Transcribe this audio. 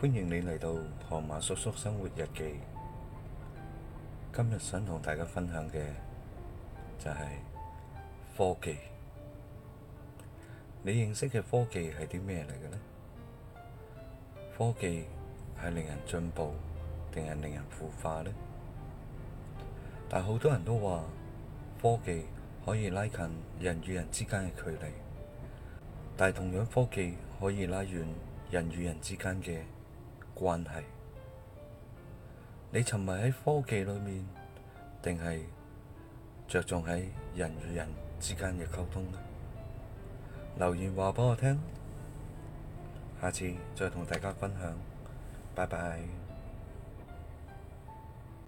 歡迎你嚟到河馬叔叔生活日記。今日想同大家分享嘅就係科技。你認識嘅科技係啲咩嚟嘅呢？科技係令人進步定係令人腐化呢？但好多人都話科技可以拉近人與人之間嘅距離，但同樣科技可以拉遠人與人之間嘅。關係，你沉迷喺科技裏面，定係着重喺人與人之間嘅溝通呢？留言話畀我聽，下次再同大家分享。拜拜。